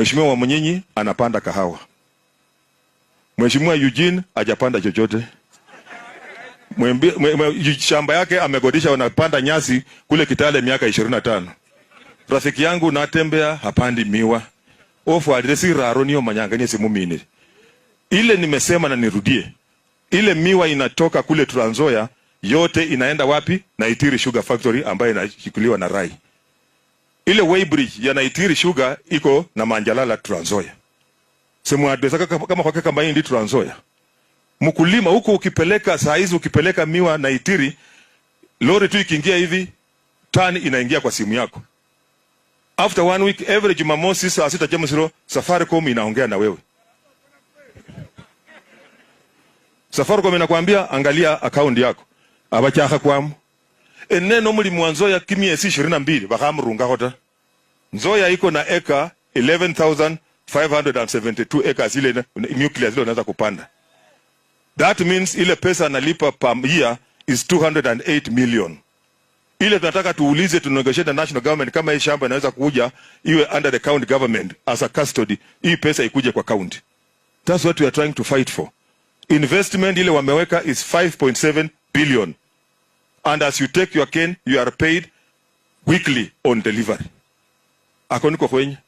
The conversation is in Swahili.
Mheshimiwa Wamunyinyi anapanda kahawa, Mheshimiwa Eugene hajapanda chochote. Mwembi, shamba yake amegodisha, wanapanda nyasi kule Kitale miaka ishirini na tano. Rafiki yangu natembea hapandi miwa ofu adresi raro niyo manyanganie simu mini ile nimesema na nirudie ile miwa inatoka kule Trans Nzoia yote inaenda wapi? Naitiri Sugar Factory ambayo inashikiliwa na Rai ile Weybridge ya Naitiri Sugar iko na Manjalala Trans Nzoia. Sema adresa kama kwa kama hii ndio Trans Nzoia. Mkulima huko ukipeleka saa hizi ukipeleka miwa Naitiri, lori tu ikiingia hivi tani inaingia kwa simu yako. After one week every Jumamosi saa sita jamu siro Safaricom inaongea na wewe. Safaricom inakwambia angalia akaunti yako. Abachaka kwamu. Eneno muri mwanzo ya kimyesi 22 bakamurunga hota. Nzoya iko na eka 11572 acres ile nuclear zile unaweza kupanda. That means ile pesa analipa per year is 208 million. Ile tunataka tuulize tunegotiate na national government kama hii shamba inaweza kuja iwe under the county government as a custody. Hii pesa ikuje kwa county. That's what we are trying to fight for. Investment ile wameweka is 5.7 billion. And as you take your cane, you are paid weekly on delivery akoniko kwenye